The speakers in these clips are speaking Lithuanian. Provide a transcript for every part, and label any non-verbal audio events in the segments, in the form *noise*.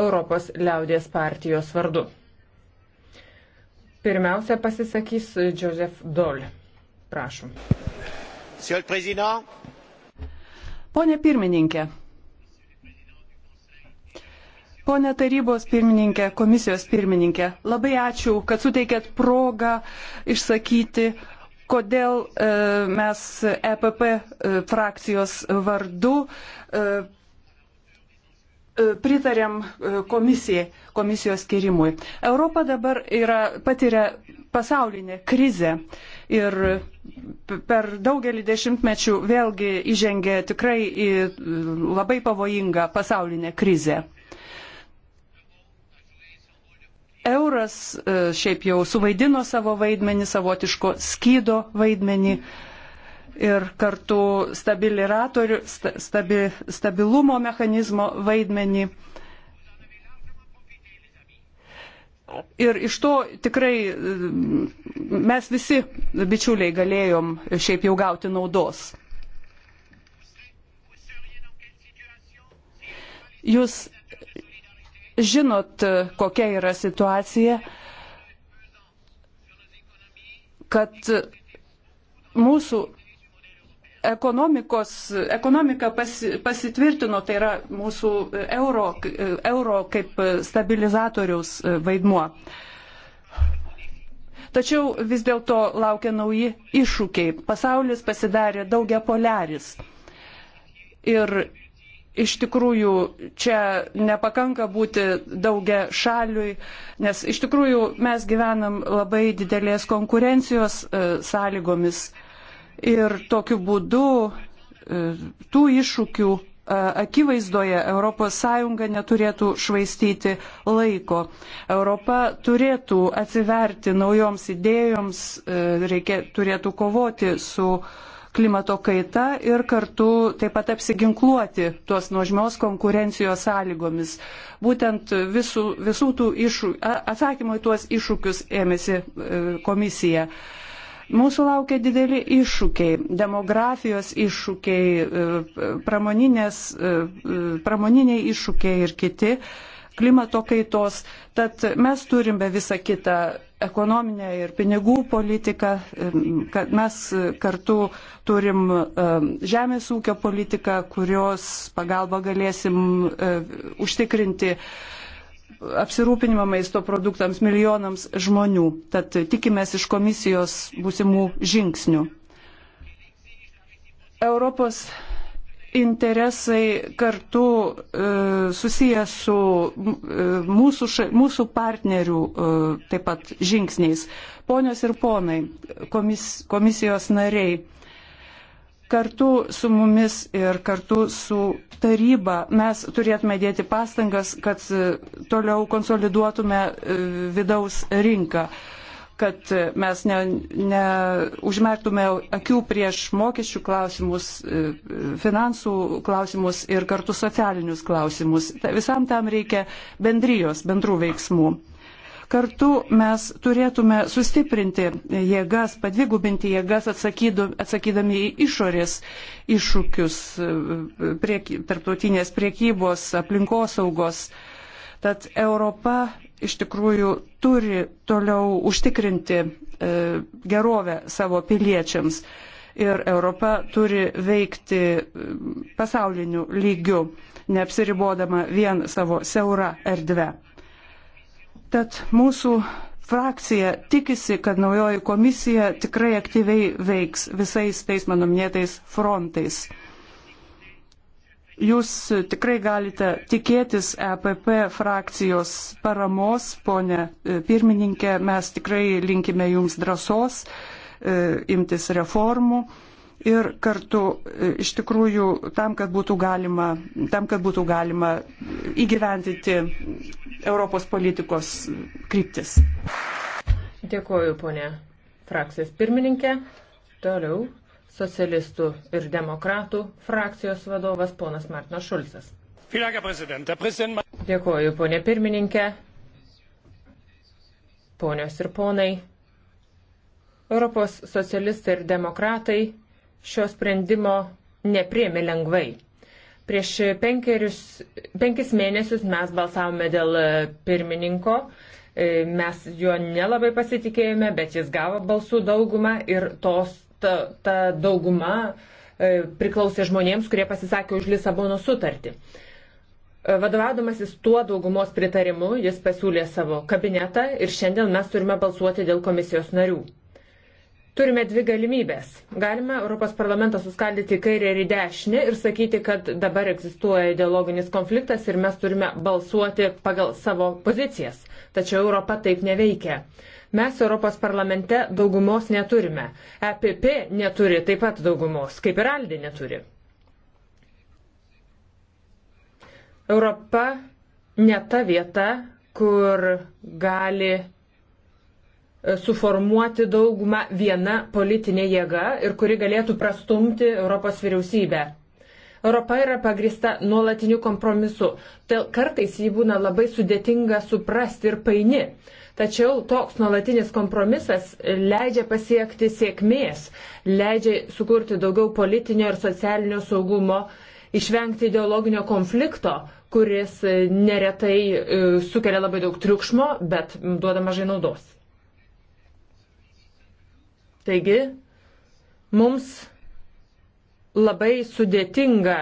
Europos liaudės partijos vardu. Pirmiausia pasisakys Joseph Dole. Prašom. Pone pirmininkė, Pone tarybos pirmininkė, komisijos pirmininkė, labai ačiū, kad suteikėt progą išsakyti, kodėl e, mes EPP e, frakcijos vardu e, E, pritarėm e, komisijai, komisijos skirimui. Europa dabar yra, patiria pasaulinę krizę ir per daugelį dešimtmečių vėlgi įžengė tikrai į e, labai pavojingą pasaulinę krizę. Euras šiaip jau suvaidino savo vaidmenį, savotiško skydo vaidmenį. Mm ir kartu stabiliratorių, sta, stabi, stabilumo mechanizmo vaidmenį. Ir iš to tikrai mm, mes visi bičiuliai galėjom šiaip jau gauti naudos. Jūs žinot, kokia yra situacija, kad mūsų ekonomika pasi, pasitvirtino, tai yra mūsų euro, euro kaip stabilizatoriaus vaidmuo. Tačiau vis dėlto laukia nauji iššūkiai. Pasaulis pasidarė daugia poliaris. Ir iš tikrųjų čia nepakanka būti daugia šaliui, nes iš tikrųjų mes gyvenam labai didelės konkurencijos e, sąlygomis. E, Ir tokiu būdu e, tų iššūkių e, akivaizdoje ES neturėtų švaistyti laiko. Europa turėtų atsiverti naujoms idėjoms, e, reikia, turėtų kovoti su klimato kaita ir kartu taip pat apsiginkluoti tuos nuožmios konkurencijos sąlygomis. Būtent visų, visų tų iššūkių, atsakymų į tuos iššūkius ėmėsi komisija. E, Mūsų laukia dideli iššūkiai - demografijos iššūkiai, e, e, e, pramoniniai iššūkiai ir kiti, klimato kaitos. Tad mes turime visą kitą ekonominę ir pinigų politiką, kad mes kartu turim žemės ūkio politiką, kurios pagalba galėsim užtikrinti uh, apsirūpinimą maisto produktams milijonams žmonių. Tad tikimės iš komisijos būsimų žingsnių. Europos interesai kartu e, susijęs su e, mūsų, ša, mūsų partnerių e, taip pat žingsniais. Ponios ir ponai, komis, komisijos nariai. Kartu su mumis ir kartu su taryba mes turėtume dėti pastangas, kad e, toliau konsoliduotume e, vidaus rinką kad e, mes neužmerktume ne, ne akių prieš mokesčių klausimus, finansų klausimus ir kartu socialinius klausimus. Visam tam reikia bendrijos, bendrų veiksmų. Kartu mes turėtume sustiprinti jėgas, padvigubinti jėgas atsakydami į išorės iššūkius priek, tarptautinės priekybos, aplinkosaugos. Tad Europa iš tikrųjų turi toliau užtikrinti e, gerovę savo piliečiams ir Europa turi veikti e, pasauliniu lygiu, neapsiribodama vien savo siaurą erdvę. Tad mūsų frakcija tikisi, kad naujoji komisija tikrai aktyviai veiks visais tais mano minėtais frontais. Jūs tikrai galite tikėtis EPP frakcijos paramos, ponė e, pirmininkė, mes tikrai linkime jums drąsos e, imtis reformų ir kartu e, iš tikrųjų tam, kad būtų galima, tam, kad būtų galima įgyventyti Europos politikos kryptis. Dėkuoju, ponė frakcijos pirmininkė. Toliau socialistų ir demokratų frakcijos vadovas ponas Martinas Šulcas. Dėkuoju, ponė pirmininkė, ponios ir ponai. Europos socialistai ir demokratai šio sprendimo nepriemi lengvai. Prieš penkerius, penkis mėnesius mes balsavome dėl e, pirmininko, e, mes juo nelabai pasitikėjome, bet jis gavo balsų daugumą ir tos, ta, ta dauguma e, priklausė žmonėms, kurie pasisakė už Lisabono sutartį. Vadovaudamasis tuo daugumos pritarimu, jis pasiūlė savo kabinetą ir šiandien mes turime balsuoti dėl komisijos narių. Turime dvi galimybės. Galime Europos parlamentą suskaldyti į kairę ir į dešinę ir sakyti, kad dabar egzistuoja ideologinis konfliktas ir mes turime balsuoti pagal savo pozicijas. Tačiau Europa taip neveikia mes Europos parlamente daugumos neturime. EPP neturi taip pat daugumos, kaip ir Aldė neturi. Europa ne ta vieta, kur gali E, suformuoti daugumą viena politinė jėga ir kuri galėtų prastumti Europos vyriausybę. Europa yra pagrista nuolatiniu kompromisu, tai kartais jį būna labai sudėtinga suprasti ir paini. Tačiau toks nuolatinis kompromisas leidžia pasiekti sėkmės, leidžia sukurti daugiau politinio ir socialinio saugumo, išvengti ideologinio konflikto, kuris e, neretai e, sukelia labai daug triukšmo, bet duoda mažai naudos. Taigi, mums labai sudėtinga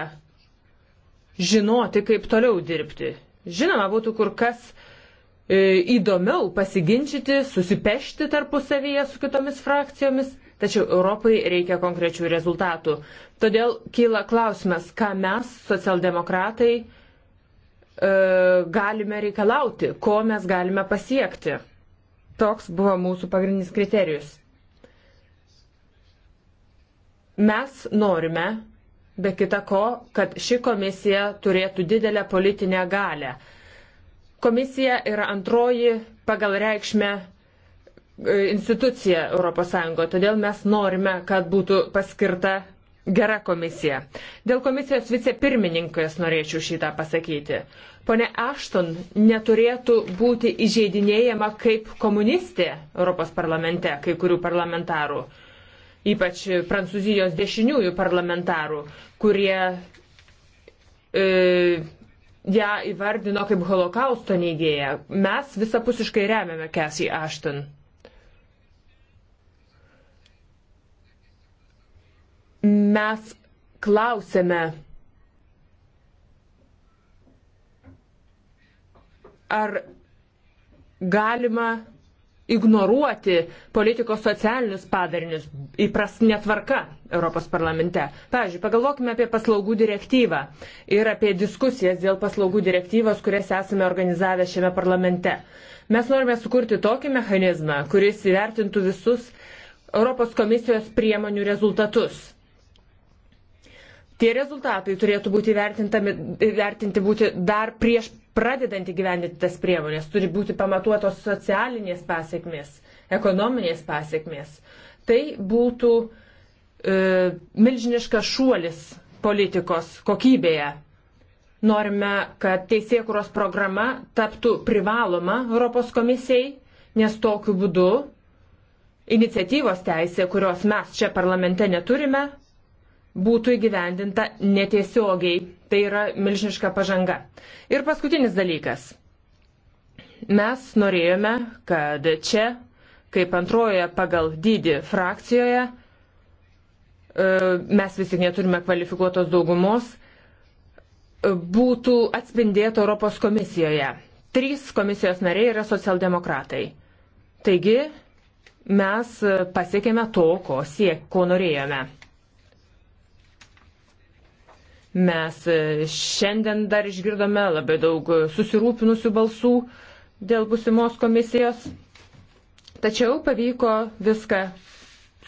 žinoti, kaip toliau dirbti. Žinoma, būtų kur kas e, įdomiau pasiginčyti, susipešti tarpusavyje su kitomis frakcijomis, tačiau Europai reikia konkrečių rezultatų. Todėl kyla klausimas, ką mes, socialdemokratai, e, galime reikalauti, ko mes galime pasiekti. Toks buvo mūsų pagrindinis kriterijus. Mes norime, be kita ko, kad ši komisija turėtų didelę politinę galę. Komisija yra antroji pagal reikšmę e, institucija ES, todėl mes norime, kad būtų paskirta gera komisija. Dėl komisijos vicepirmininkės norėčiau šitą pasakyti. Pone Ashton neturėtų būti įžeidinėjama kaip komunistė Europos parlamente, kai kurių parlamentarų ypač prancūzijos dešiniųjų parlamentarų, kurie e, ją įvardino kaip holokausto neigėją. Mes visapusiškai remiame Kesį Ašton. Mes klausėme, ar galima ignoruoti politikos socialinius padarinius įprastinė tvarka Europos parlamente. Pavyzdžiui, pagalvokime apie paslaugų direktyvą ir apie diskusijas dėl paslaugų direktyvos, kurias esame organizavę šiame parlamente. Mes norime sukurti tokį mechanizmą, kuris įvertintų visus Europos komisijos priemonių rezultatus. Tie rezultatai turėtų būti vertinti būti dar prieš pradedant įgyvendinti tas priemonės, turi būti pamatuotos socialinės pasiekmės, ekonominės pasiekmės. Tai būtų e, milžiniškas šuolis politikos kokybėje. Norime, kad teisėkuros programa taptų privaloma Europos komisijai, nes tokiu būdu iniciatyvos teisė, kurios mes čia parlamente neturime, būtų įgyvendinta netiesiogiai Tai yra milžiniška pažanga. Ir paskutinis dalykas. Mes norėjome, kad čia, kaip antrojoje pagal dydį frakcijoje, e, mes vis tik neturime kvalifikuotos daugumos, e, būtų atspindėta Europos komisijoje. Trys komisijos nariai yra socialdemokratai. Taigi mes pasiekėme to, ko, siek, ko norėjome. Mes e, šiandien dar išgirdome labai daug susirūpinusių balsų dėl busimos komisijos. Tačiau pavyko viską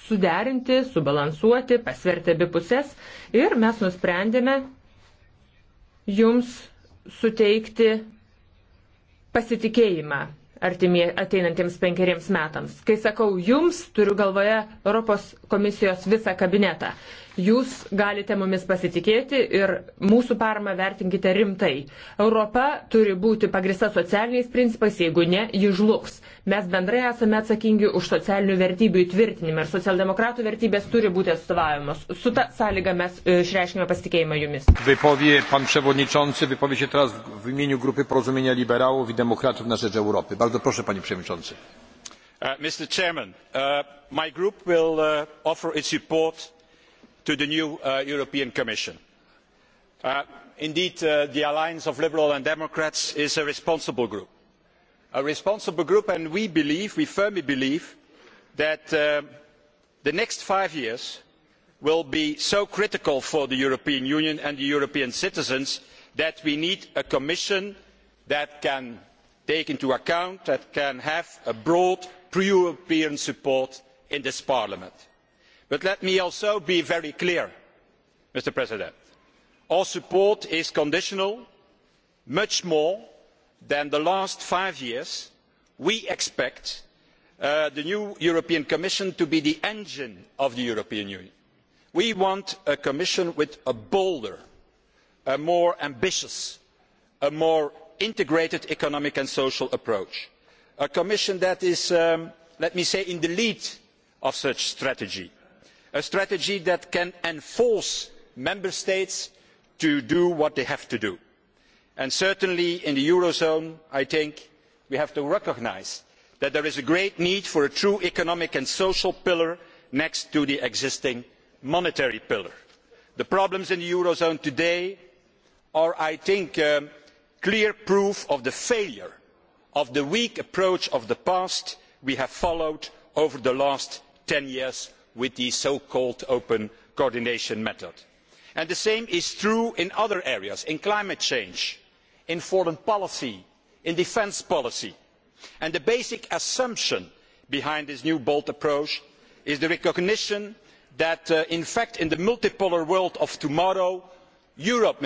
suderinti, subalansuoti, pasverti abipusės ir mes nusprendėme jums suteikti pasitikėjimą artimie, ateinantiems penkeriems metams. Kai sakau jums, turiu galvoje Europos komisijos visą kabinetą. Jūs galite mumis pasitikėti ir mūsų paramą vertinkite rimtai. Europa turi būti pagrista socialiniais principais, jeigu ne, ji žlugs. Mes bendrai esame atsakingi už socialinių vertybių įtvirtinimą ir socialdemokratų vertybės turi būti atstovavimas. Su ta sąlyga mes e, išreiškime pasitikėjimą jumis. Wypowie pan przewodniczący, wypowie się teraz w imieniu grupy Porozumienia Liberałów i Demokratów na rzecz Europy. Bardzo proszę, panie przewodniczący. Uh, Mr. Chairman, uh, my group will uh, offer its support to the new uh, european commission. Uh, indeed uh, the alliance of liberals and democrats is a responsible group a responsible group and we firmly believe that the next five years will be so critical for the european union and european citizens that we need a commission that can take into account and that can have broad pro european support in this parliament but let me also be very clear our support is conditional much more than the last five years. we expect uh, the new european commission to be the engine of the european union. we want a commission with a bolder a more ambitious a more integrated economic and social approach a commission that is um, let me say in the lead of such a strategy a strategy that can enforce member states to do what they have to do. And certainly in the eurozone i think we have to recognise that there is a great need for a true economic and social pillar next to the existing monetary pillar. the problems in the eurozone today are i think um, clear proof of the failure of the weak approach of the past we have followed over the last ten years with the so called open coordination method. the same is true in other areas in climate change in foreign policy in defence policy and the basic assumption behind this new bold approach is the recognition that uh, in fact in the multipolar world of tomorrow europe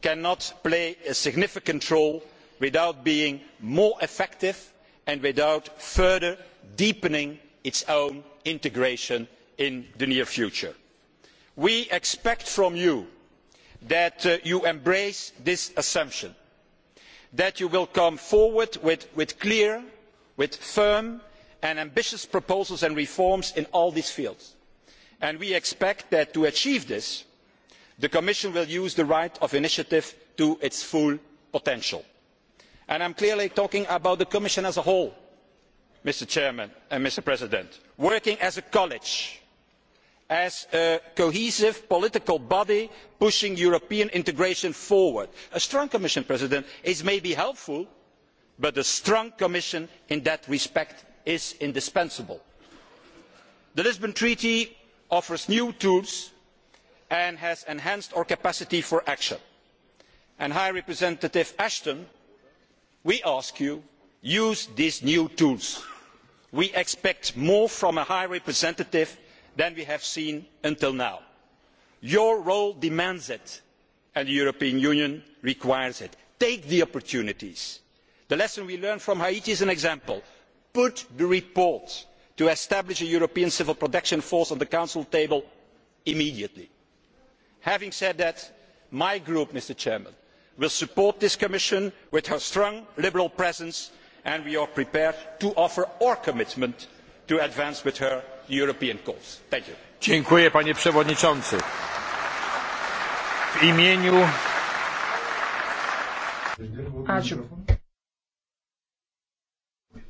cannot play a significant role without being more effective and without further deepening its own integration in the near future. we expect you to uh, embrace this assumption that you will come forward with clear firm and ambitious proposals and reforms in all these fields and we expect that to achieve this the commission will use the right of initiative to its full potential. i am clearly talking about the commission as a mr president working as a college as a cohesive political body pushing european integration forward a strong commission is maybe helpful but a strong commission in that respect is indispensable. the lisbon treaty offers new tools and has enhanced our capacity for action and high representative ashton we ask you to use these new tools we expect more from a high representative than we have seen until now. your role demands it and the european union requires it. take the opportunities. the lesson we learned from haiti is an example. put the report to establish a european civil protection force on the council table immediately. having said that my group will support this commission with her strong liberal presence and we are prepared to offer our commitment to advance with her the european cause. thank you. dziękuję panie przewodniczący. w imieniu Ačiū.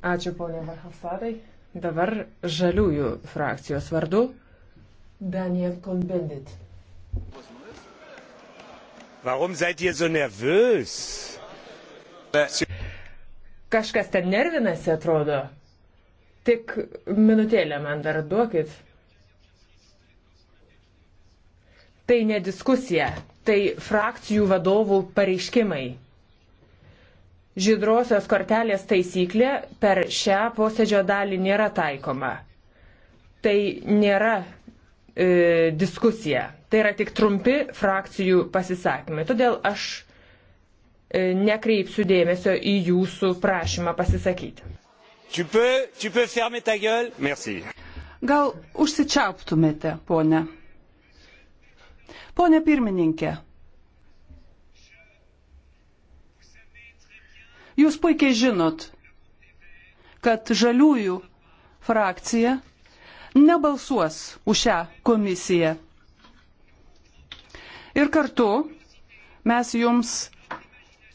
Ačiū, ponė Vahasadai. Dabar žaliųjų frakcijos vardu Daniel Konbendit. Warum seid ihr so nervös? Äh, Kažkas ten nervinasi, atrodo. Tik minutėlę man dar duokit. Tai ne diskusija, tai frakcijų vadovų pareiškimai. Žydrosios kortelės taisyklė per šią posėdžio dalį nėra taikoma. Tai nėra e, diskusija. Tai yra tik trumpi frakcijų pasisakymai. Todėl aš E, nekreipsiu dėmesio į jūsų prašymą pasisakyti. Tu peux, tu peux fermer ta gueule? Merci. Gal užsičiauptumėte, ponė? Pone pirmininkė, jūs puikiai žinot, kad žaliųjų frakcija nebalsuos už šią komisiją. Ir kartu mes jums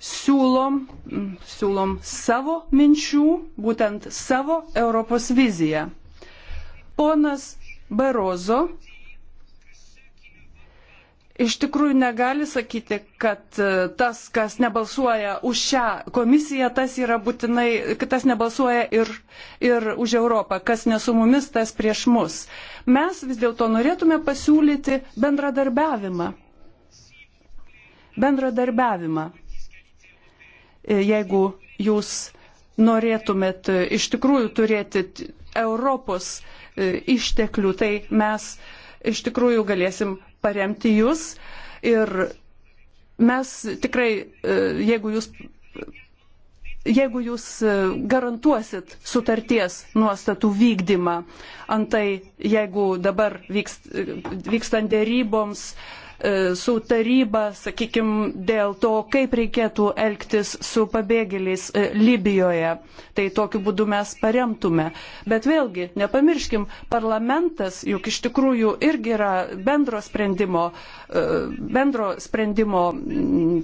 siūlom, mm, siūlom savo minčių, būtent savo Europos viziją. Ponas Barozo iš tikrųjų negali sakyti, kad e, tas, kas nebalsuoja už šią komisiją, tas yra būtinai, kad tas nebalsuoja ir, ir už Europą, kas ne su mumis, tas prieš mus. Mes vis dėlto norėtume pasiūlyti bendradarbiavimą. Bendradarbiavimą E, jeigu jūs norėtumėt e, iš tikrųjų turėti Europos e, išteklių, tai mes iš tikrųjų galėsim paremti jūs ir mes tikrai, jeigu jūs, jeigu jūs garantuosit sutarties nuostatų vykdymą, antai jeigu dabar vykst, vykstant dėryboms, E, su taryba, sakykime, dėl to, kaip reikėtų elgtis su pabėgėliais e, Libijoje. Tai tokiu būdu mes paremtume. Bet vėlgi, nepamirškim, parlamentas juk iš tikrųjų irgi yra bendro sprendimo, e, bendro sprendimo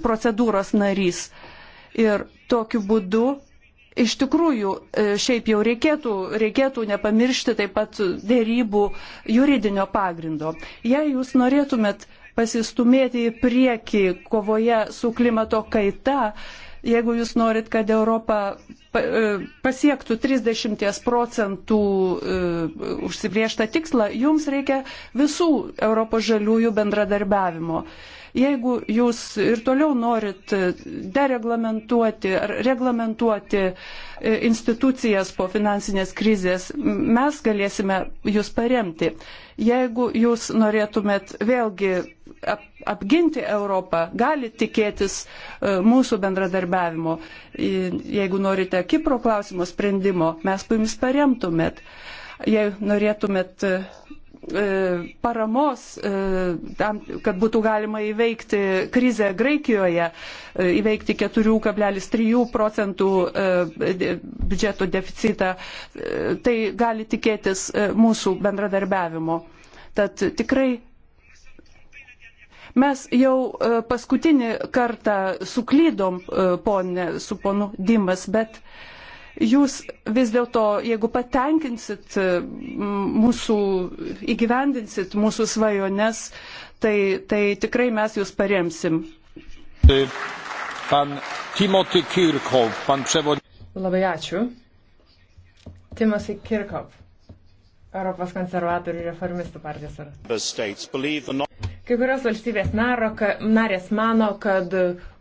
procedūros narys. Ir tokiu būdu iš tikrųjų šiaip jau reikėtų, reikėtų nepamiršti taip pat dėrybų juridinio pagrindo. Jei jūs norėtumėt pasistumėti į priekį kovoje su klimato kaita, jeigu jūs norit, kad Europa e, pasiektų 30 procentų e, užsibrieštą tikslą, jums reikia visų Europos žaliųjų bendradarbiavimo. Jeigu jūs ir toliau norit dereglamentuoti ar reglamentuoti e, institucijas po finansinės krizės, mes galėsime jūs paremti. Jeigu jūs norėtumėt vėlgi ap, apginti Europą, galit tikėtis e, mūsų bendradarbiavimo. Jeigu norite Kipro klausimo sprendimo, mes jumis paremtumėt. Jei norėtumėt e, E, paramos e, tam, kad būtų galima įveikti krizę Graikijoje, e, įveikti 4,3 procentų biudžeto deficitą, tai gali tikėtis mūsų bendradarbiavimo. Tad tikrai mes jau paskutinį kartą suklydom ponė, su ponu Dimas, bet uh, jūs vis dėlto, jeigu patenkinsit e, mūsų, įgyvendinsit mūsų svajones, tai, tai tikrai mes jūs paremsim. E, pan Timothy Kirkov, pan przewod... Labai ačiū. Timothy Kirkov, Europos konservatorių reformistų partijos varas. Kai kurios valstybės narok, narės mano, kad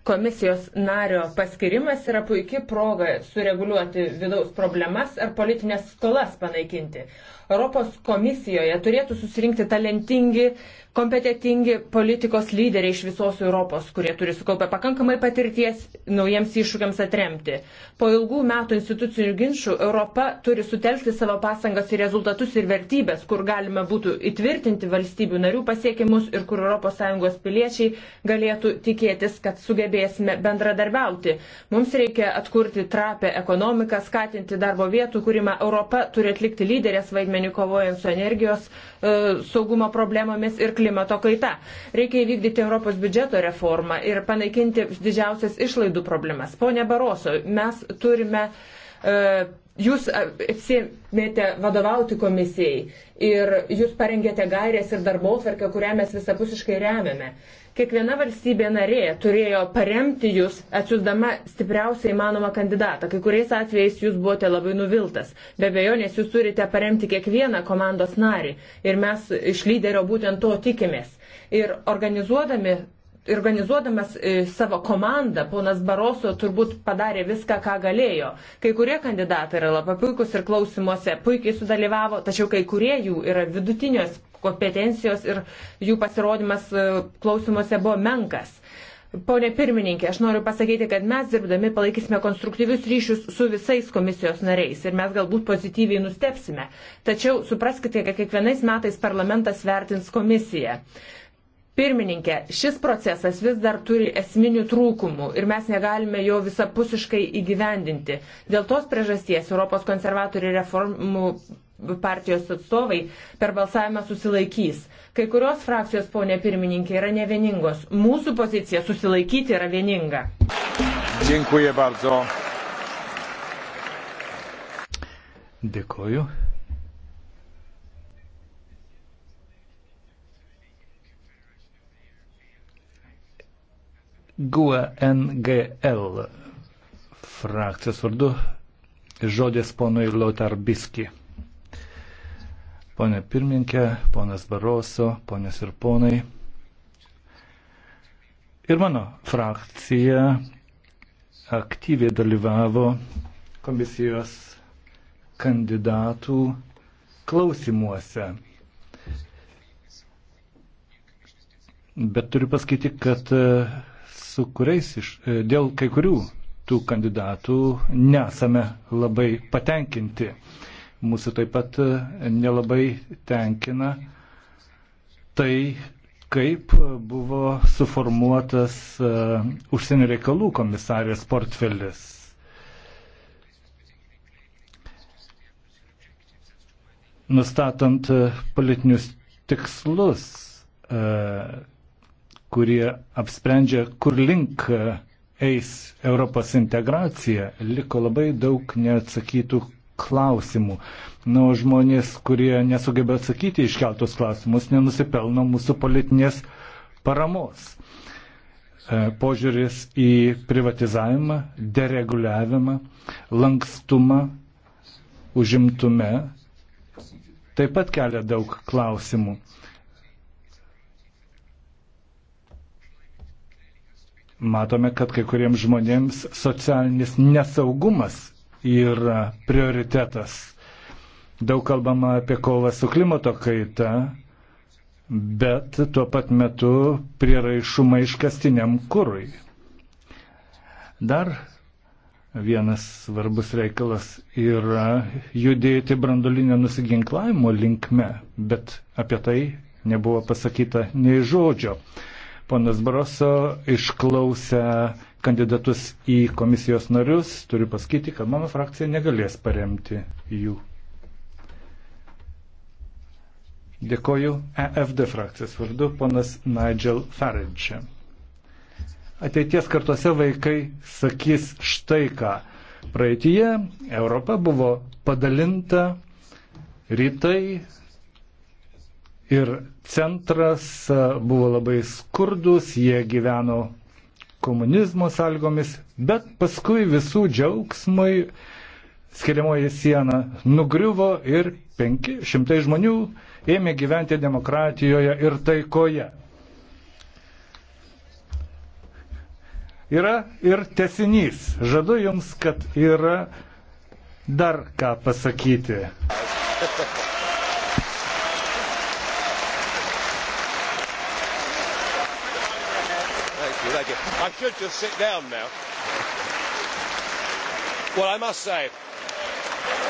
komisijos nario paskirimas yra puikia proga sureguliuoti vidaus problemas ar politinės skolas panaikinti. Europos komisijoje turėtų susirinkti talentingi, kompetitingi politikos lyderiai iš visos Europos, kurie turi sukaupę pakankamai patirties naujiems iššūkiams atremti. Po ilgų metų institucijų ginčių Europa turi sutelkti savo pasangas į rezultatus ir vertybės, kur galima būtų įtvirtinti valstybių narių pasiekimus ir kur ES piliečiai galėtų tikėtis, kad sugebės turėsime bendradarbiauti. Mums reikia atkurti trapę ekonomiką, skatinti darbo vietų kūrimą. Europa turi atlikti lyderės vaidmenį kovojant su energijos e, saugumo problemomis ir klimato kaita. Reikia įvykdyti Europos biudžeto reformą ir panaikinti didžiausias išlaidų problemas. Pone Baroso, mes turime. E, jūs e, apsėmėte vadovauti komisijai ir jūs parengėte gairės ir darbo tvarkę, kurią mes visapusiškai remiame. Kiekviena valstybė narė turėjo paremti jūs, atsiusdama stipriausią įmanomą kandidatą. Kai kuriais atvejais jūs buvote labai nuviltas. Be abejo, nes jūs turite paremti kiekvieną komandos narį. Ir mes iš lyderio būtent to tikimės. Ir organizuodami organizuodamas e, savo komandą, ponas Baroso turbūt padarė viską, ką galėjo. Kai kurie kandidatai yra labai puikus ir klausimuose puikiai sudalyvavo, tačiau kai kurie jų yra vidutinios kompetencijos ir jų pasirodymas e, klausimuose buvo menkas. Pone pirmininkė, aš noriu pasakyti, kad mes dirbdami palaikysime konstruktyvius ryšius su visais komisijos nariais ir mes galbūt pozityviai nustepsime. Tačiau supraskite, kad kiekvienais metais parlamentas vertins komisiją. Pirmininkė, šis procesas vis dar turi esminių trūkumų ir mes negalime jo visapusiškai įgyvendinti. Dėl tos priežasties Europos konservatorių reformų partijos atstovai per balsavimą susilaikys. Kai kurios frakcijos, ponė pirmininkė, yra nevieningos. Mūsų pozicija susilaikyti yra vieninga. Dziękuję bardzo. Dėkoju. GUE NGL frakcijos vardu žodis ponui Lotar Biski. Pone pirmininkė, ponas Baroso, ponės ir ponai. Ir mano frakcija aktyviai dalyvavo komisijos kandidatų klausimuose. Bet turiu pasakyti, kad su kuriais iš, e, dėl kai kurių tų kandidatų nesame labai patenkinti. Mūsų taip pat e, nelabai tenkina tai, kaip buvo suformuotas e, užsienio reikalų komisarės portfelis. Nustatant politinius tikslus, kurie apsprendžia, kur link eis Europos integracija, liko labai daug neatsakytų klausimų. Na, o žmonės, kurie nesugeba atsakyti iškeltus klausimus, nenusipelno mūsų politinės paramos. E, požiūris į privatizavimą, dereguliavimą, lankstumą užimtume taip pat kelia daug klausimų. matome, kad kai kuriems žmonėms socialinis nesaugumas yra prioritetas. Daug kalbama apie kovą su klimato kaita, bet tuo pat metu prieraišumą iškastiniam kūrui. Dar vienas svarbus reikalas yra judėti brandolinio nusiginklavimo linkme, bet apie tai nebuvo pasakyta nei žodžio. Ponas Broso išklausė kandidatus į komisijos narius, turiu pasakyti, kad mano frakcija negalės paremti jų. Dėkoju EFD frakcijos vardu, ponas Nigel Farage. Ateities kartuose vaikai sakys štai ką. Praeitie Europa buvo padalinta rytai ir centras buvo labai skurdus, jie gyveno komunizmo sąlygomis, bet paskui visų džiaugsmui skiriamoji siena nugriuvo ir 500 žmonių ėmė gyventi demokratijoje ir taikoje. Yra ir tesinys. Žadu Jums, kad yra dar ką pasakyti. Thank *laughs* you. you. I should just sit down now. Well, I must say,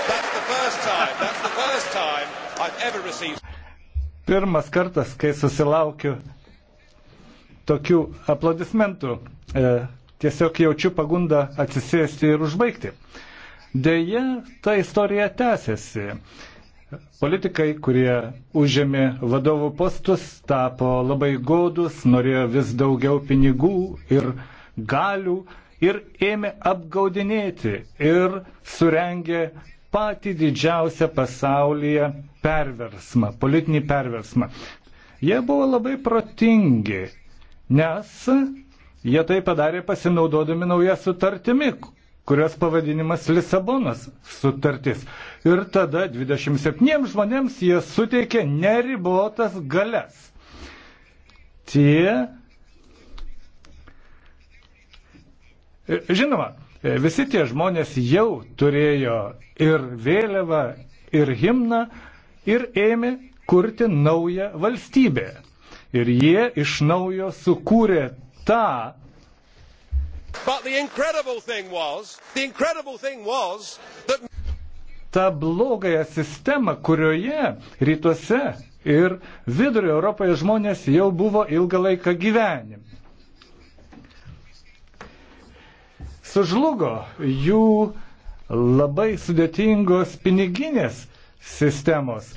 that's the first time, that's the first time I've ever received. Pirmas kartas, kai susilaukiu tokių aplodismentų, e, tiesiog jaučiu pagundą atsisėsti ir užbaigti. Deja, ta istorija tęsiasi. E, Politikai, kurie užėmė vadovų postus, tapo labai godus, norėjo vis daugiau pinigų ir galių ir ėmė apgaudinėti ir surengė patį didžiausią pasaulyje perversmą, politinį perversmą. Jie buvo labai protingi, nes jie tai padarė pasinaudodami naują sutartimi, kurios pavadinimas Lisabonos sutartis ir tada 27 žmonėms jie suteikė neribotas galias. Tie. Žinoma, visi tie žmonės jau turėjo ir vėliavą, ir himną, ir ėmė kurti naują valstybę. Ir jie iš naujo sukūrė tą But the incredible thing was, the incredible thing was that tą blogąją sistemą, kurioje rytuose ir vidurio Europoje žmonės jau buvo ilgą laiką gyvenim. Sužlugo jų labai sudėtingos piniginės sistemos,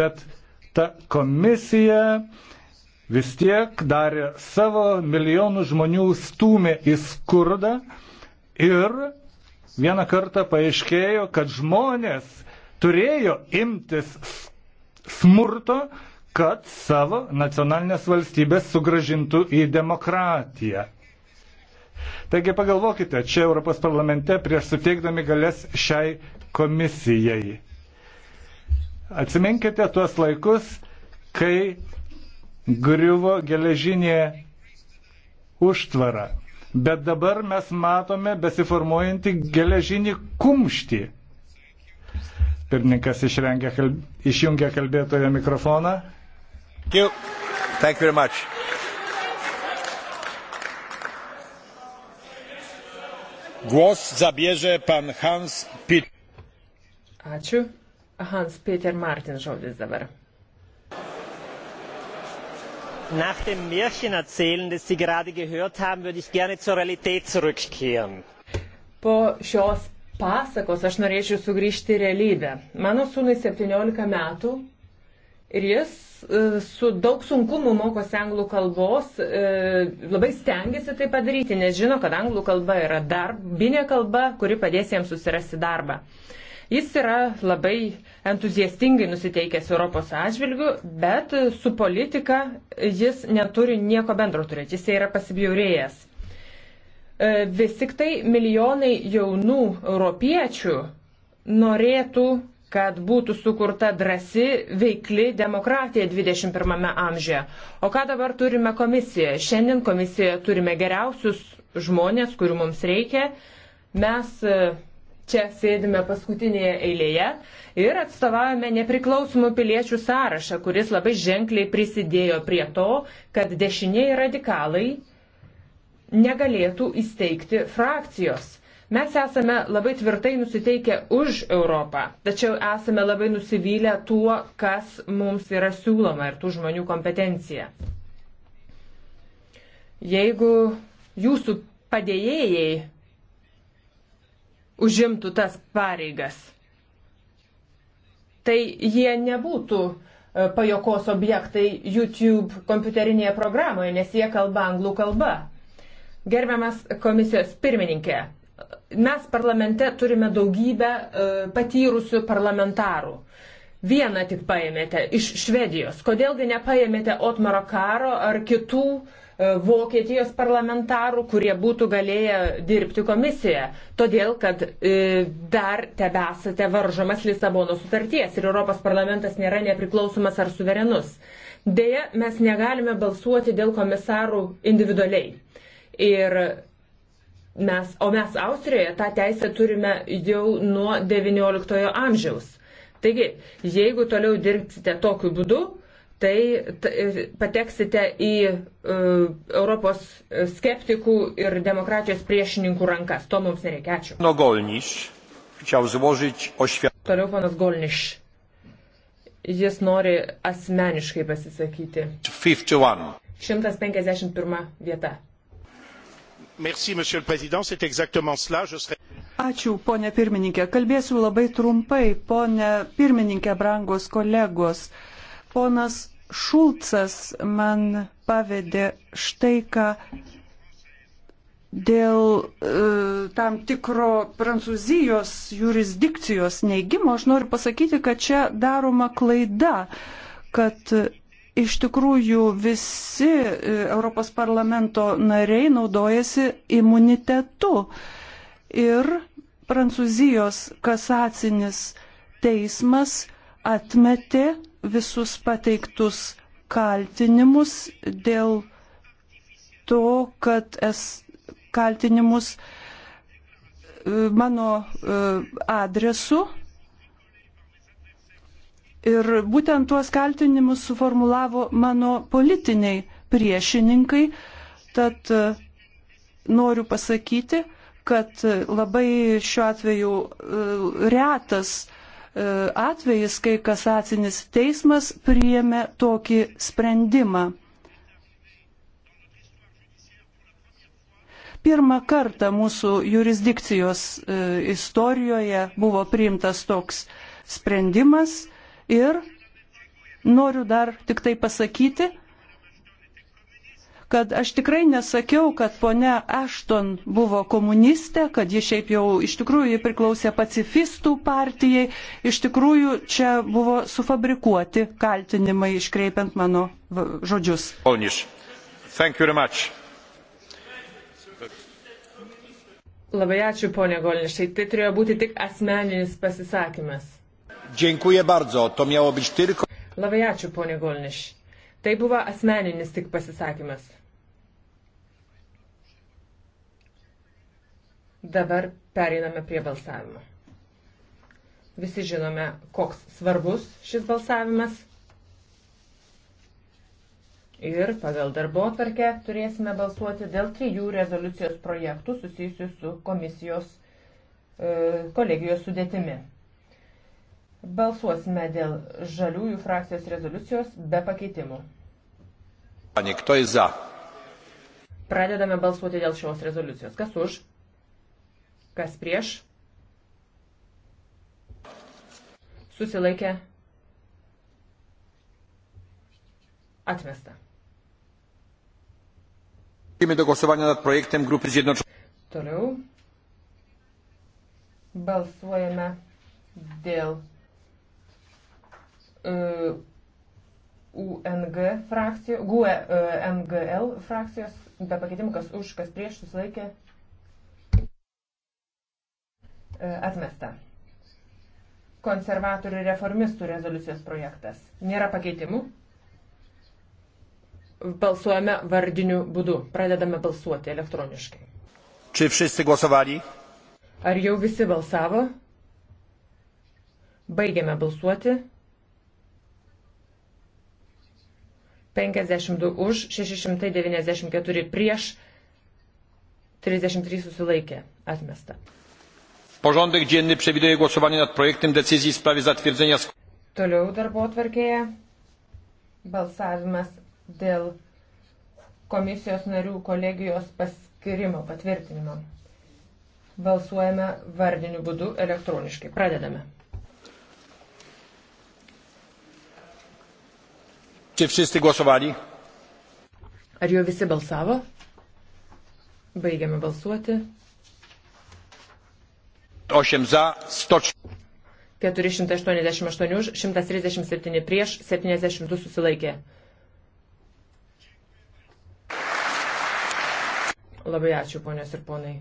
bet ta komisija vis tiek darė savo milijonų žmonių stumė į skurdą ir vieną kartą paaiškėjo, kad žmonės turėjo imtis smurto, kad savo nacionalinės valstybės sugražintų į demokratiją. Taigi pagalvokite, čia Europos parlamente prieš suteikdami galės šiai komisijai. Atsiminkite tuos laikus, kai griuvo geležinė užtvara. Bet dabar mes matome besiformuojantį geležinį kumštį. Pirmininkas kalb... išjungia kalbėtojo mikrofoną. Thank you. Thank you very much. Głos zabierze pan Hans Peter. Ačiū. Hans Peter Martin žodis dabar nach dem märchenerzählen das sie gerade gehört haben würde ich gerne zur realität zurückkehren. Po šios pasakos aš norėčiau sugrįžti į realybę. Mano sūnui 17 metų ir jis e, su daug sunkumų mokosi anglų kalbos, e, labai stengiasi tai padaryti, nes žino, kad anglų kalba yra darbinė kalba, kuri padės jiems susirasti darbą. Jis yra labai entuziastingai nusiteikęs Europos atžvilgių, bet su politika jis neturi nieko bendro turėti. Jis yra pasibjaurėjęs. E, vis tik tai milijonai jaunų europiečių norėtų, kad būtų sukurta drasi, veikli demokratija 21 amžiuje. O ką dabar turime komisiją? Šiandien komisijoje turime geriausius žmonės, kurių mums reikia. Mes e, čia sėdime paskutinėje eilėje ir atstovavome nepriklausomų piliečių sąrašą, kuris labai ženkliai prisidėjo prie to, kad dešiniai radikalai negalėtų įsteigti frakcijos. Mes esame labai tvirtai nusiteikę už Europą, tačiau esame labai nusivylę tuo, kas mums yra siūloma ir tų žmonių kompetencija. Jeigu jūsų padėjėjai užimtų tas pareigas, tai jie nebūtų e, pajokos objektai YouTube kompiuterinėje programoje, nes jie kalba anglų kalba. Gerbiamas komisijos pirmininkė, mes parlamente turime daugybę e, patyrusių parlamentarų. Vieną tik paėmėte iš Švedijos. Kodėlgi nepaėmėte Otmaro karo ar kitų uh, E, Vokietijos parlamentarų, kurie būtų galėję dirbti komisiją, todėl kad e, dar tebesate varžomas Lisabono sutarties ir Europos parlamentas nėra nepriklausomas ar suverenus. Deja, mes negalime balsuoti dėl komisarų individualiai. Ir mes, o mes Austrijoje tą teisę turime jau nuo XIX amžiaus. Taigi, jeigu toliau dirbsite tokiu būdu, tai pateksite į e, Europos skeptikų ir demokratijos priešininkų rankas. To mums nereikia. Ačiū. No Golniš. Chciał złożyć oświadczenie. Toliau panas Golniš. Jis nori asmeniškai pasisakyti. 51. 151 vieta. Merci, monsieur le président. C'est exactement cela. Je serai... Ačiū, ponė pirmininkė. Kalbėsiu labai trumpai. Ponė pirmininkė, brangos kolegos. Uh, ponas Šulcas man pavedė štai ką dėl e, tam tikro prancūzijos jurisdikcijos neigimo. Aš noriu pasakyti, kad čia daroma klaida, kad iš tikrųjų visi e, Europos parlamento nariai naudojasi imunitetu. Ir Prancūzijos kasacinis teismas atmetė visus pateiktus kaltinimus dėl to, kad es kaltinimus e, mano e, adresu. Ir būtent tuos kaltinimus suformulavo mano politiniai priešininkai. Tad e, noriu pasakyti, kad labai šiuo atveju retas E, atvejis, kai kasacinis teismas priėmė tokį sprendimą. Pirmą kartą mūsų jurisdikcijos e, istorijoje buvo priimtas toks sprendimas ir noriu dar tik tai pasakyti, kad aš tikrai nesakiau, kad ponia Ashton buvo komunistė, kad ji šiaip jau iš tikrųjų priklausė pacifistų partijai. Iš tikrųjų čia buvo sufabrikuoti kaltinimai, iškreipiant mano žodžius. Olniš. Thank you very much. Labai ačiū, ponė Golnišai. Tai turėjo būti tik asmeninis pasisakymas. Dziękuję bardzo. To miało być tylko. Labai ačiū, ponė Golniš. Tai buvo asmeninis tik pasisakymas. Dabar pereiname prie balsavimo. Visi žinome, koks svarbus šis balsavimas. Ir pagal darbo atvarkę turėsime balsuoti dėl trijų rezoliucijos projektų susijusių su komisijos e, kolegijos sudėtimi. Balsuosime dėl žaliųjų frakcijos rezoliucijos be pakeitimų. Pradedame balsuoti dėl šios rezoliucijos. Kas už? Kas prieš? Susilaikė. Atmesta. Do głosowania nad projektem Grupy Zjednoczonej. Toliau balsuojame dėl uh, e, UNG e, e, frakcijos, GUE uh, MGL frakcijos, be pakeitimų, kas už, kas prieš, susilaikė, E, atmesta. Konservatorių reformistų rezoliucijos projektas. Nėra pakeitimų. Balsuojame vardiniu būdu. Pradedame balsuoti elektroniškai. Čia visi głosowali? Ar jau visi balsavo? Baigiame balsuoti. 52 už, 694 prieš, 33 susilaikė. Atmesta. Porządek dzienny przewiduje głosowanie nad projektem decyzji w sprawie zatwierdzenia. Toliau darbo atvarkėje balsavimas dėl komisijos narių kolegijos paskirimo patvirtinimo. Balsuojame vardiniu būdu elektroniškai. Pradedame. Čia visi głosowali? Ar jau visi balsavo? Baigiame balsuoti. 8 za, 100. 488 už, 137 prieš, 72 susilaikė. Labai ačiū, ponios ir ponai.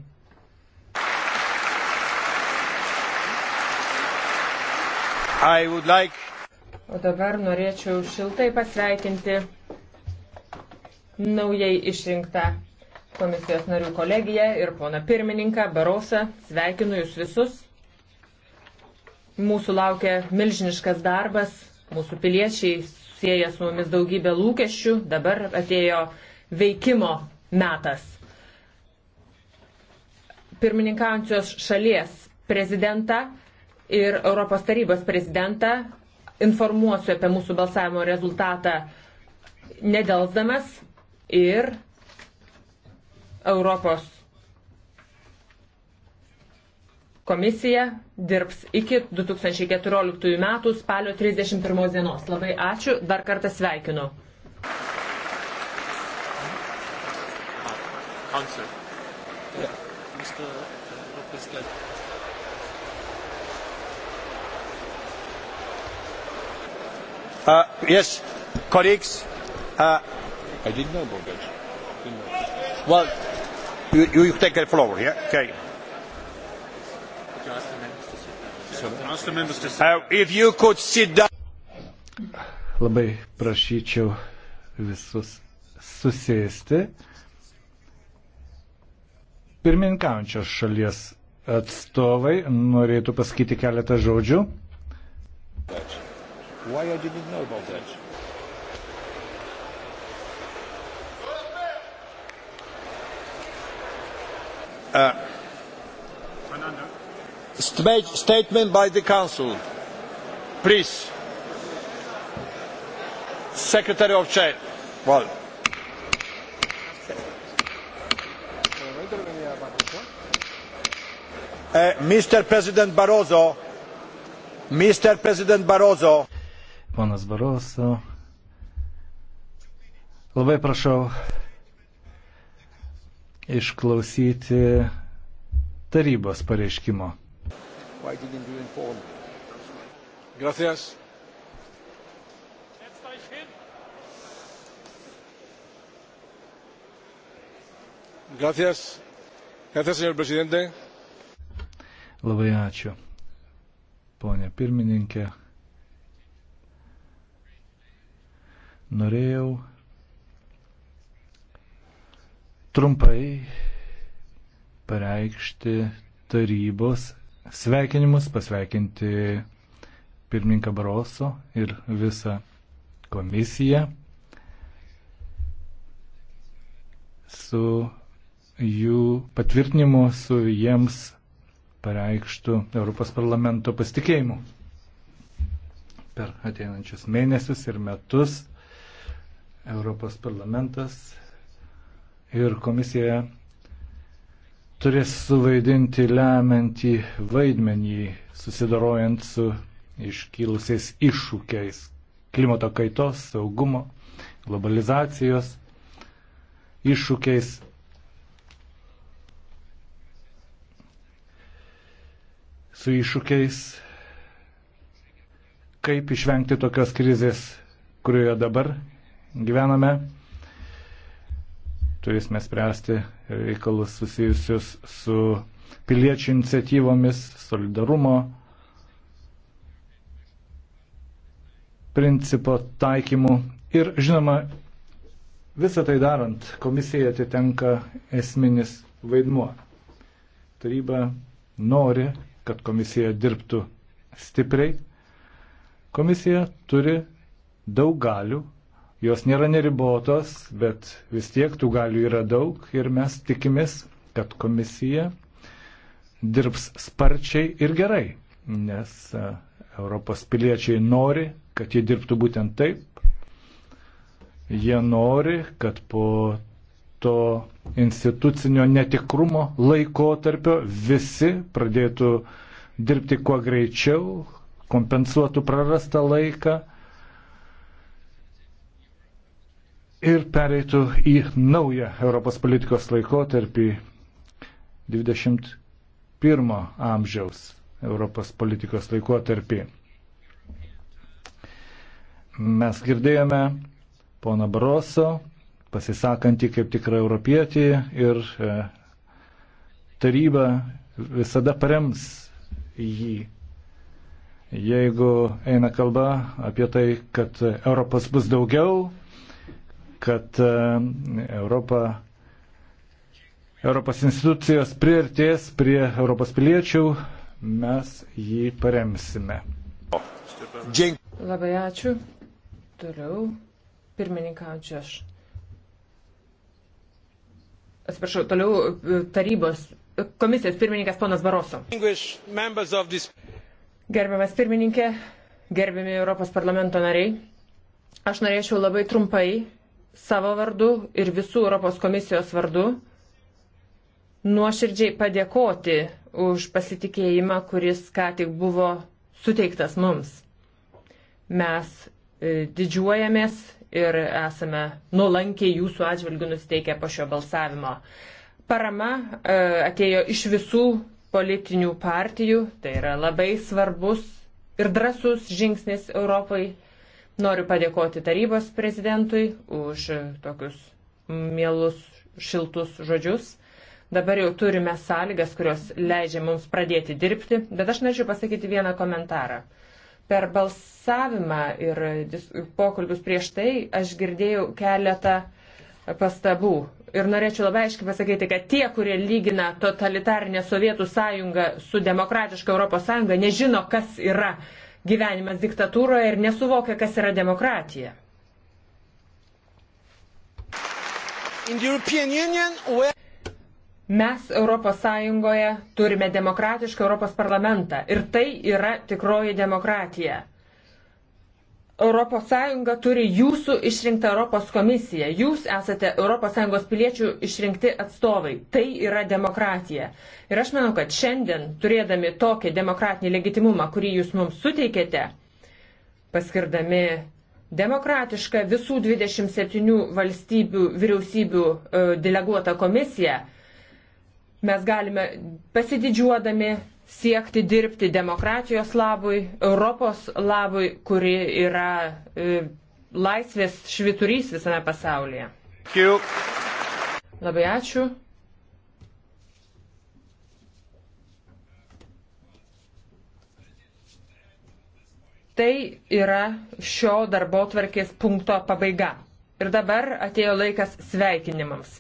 Like... O dabar norėčiau šiltai pasveikinti naujai išrinktą komisijos narių kolegiją ir poną pirmininką Barosą. Sveikinu jūs visus. Mūsų laukia milžiniškas darbas, mūsų piliečiai sieja su mumis daugybę lūkesčių, dabar atėjo veikimo metas. Pirmininkaujančios šalies prezidentą ir Europos tarybos prezidentą informuosiu apie mūsų balsavimo rezultatą nedelsdamas ir Europos komisija dirbs iki 2014 metų spalio 31 dienos. Labai ačiū, dar kartą sveikinu. Answer. Yeah. Mr. Uh, Lopez Gates. Uh, yes, colleagues. Uh, I didn't know about that. Didn't know. Well, You, you take the floor, yeah? Okay. If you could sit down. Labai prašyčiau visus susėsti. Pirmininkaujančios šalies atstovai norėtų pasakyti keletą žodžių. Why I didn't know about that? Uh, statement by the Council. Please. Secretary of Chair. Well. Uh, Mr. President Barroso. Mr. President Barroso. Ponas Barroso. Labai prašau išklausyti tarybos pareiškimo. Gracias. Gracias. Gracias, señor presidente. Labai ačiū, ponė pirmininkė. Norėjau trumpai pareikšti tarybos sveikinimus, pasveikinti pirmininką Baroso ir visą komisiją su jų patvirtinimu, su jiems pareikštų Europos parlamento pasitikėjimu per ateinančius mėnesius ir metus Europos parlamentas ir komisija turės suvaidinti lemiantį vaidmenį, susidarojant su iškilusiais iššūkiais klimato kaitos, saugumo, globalizacijos iššūkiais. Su iššūkiais, kaip išvengti tokios krizės, kurioje dabar gyvename turėsime spręsti reikalus susijusius su piliečių iniciatyvomis, solidarumo principo taikymu ir, žinoma, visą tai darant komisijai atitenka esminis vaidmuo. Taryba nori, kad komisija dirbtų stipriai. Komisija turi daug galių Jos nėra neribotos, bet vis tiek tų galių yra daug ir mes tikimės, kad komisija dirbs sparčiai ir gerai, nes e, Europos piliečiai nori, kad jie dirbtų būtent taip. Jie nori, kad po to institucinio netikrumo laikotarpio visi pradėtų dirbti kuo greičiau, kompensuotų prarastą laiką ir pereitų į naują Europos politikos laikotarpį 21 amžiaus Europos politikos laikotarpį. Mes girdėjome pono Baroso pasisakantį kaip tikrą europietį ir e, taryba visada parems jį. Jeigu eina kalba apie tai, kad Europos bus daugiau, kad e, Europa, Europos institucijos priartės prie Europos piliečių, mes jį paremsime. Labai ačiū. Toliau pirmininkaučiu aš. Atsiprašau, toliau e, tarybos e, komisijos pirmininkas ponas Baroso. Gerbiamas pirmininkė, gerbiami Europos parlamento nariai, aš norėčiau labai trumpai savo vardu ir visų Europos komisijos vardu nuoširdžiai padėkoti už pasitikėjimą, kuris ką tik buvo suteiktas mums. Mes e, didžiuojamės ir esame nuolankiai jūsų atžvilgių nusteikę po šio balsavimo. Parama e, atėjo iš visų politinių partijų, tai yra labai svarbus ir drasus žingsnis Europai Noriu padėkoti tarybos prezidentui už tokius mielus, šiltus žodžius. Dabar jau turime sąlygas, kurios leidžia mums pradėti dirbti, bet aš norėčiau pasakyti vieną komentarą. Per balsavimą ir pokalbius prieš tai aš girdėjau keletą pastabų. Ir norėčiau labai aiškiai pasakyti, kad tie, kurie lygina totalitarinę Sovietų sąjungą su demokratiška Europos sąjunga, nežino, kas yra gyvenimas diktatūroje ir nesuvokia, kas yra demokratija. Mes Europos Sąjungoje turime demokratišką Europos parlamentą ir tai yra tikroji demokratija. ES turi jūsų išrinktą Europos komisiją. Jūs esate ES piliečių išrinkti atstovai. Tai yra demokratija. Ir aš manau, kad šiandien, turėdami tokį demokratinį legitimumą, kurį jūs mums suteikėte, paskirdami demokratišką visų 27 valstybių vyriausybių e, deleguotą komisiją, mes galime pasididžiuodami siekti dirbti demokratijos labui, Europos labui, kuri yra e, laisvės šviturys visame pasaulyje. Ačiū. Labai ačiū. Tai yra šio darbo tvarkės punkto pabaiga. Ir dabar atėjo laikas sveikinimams.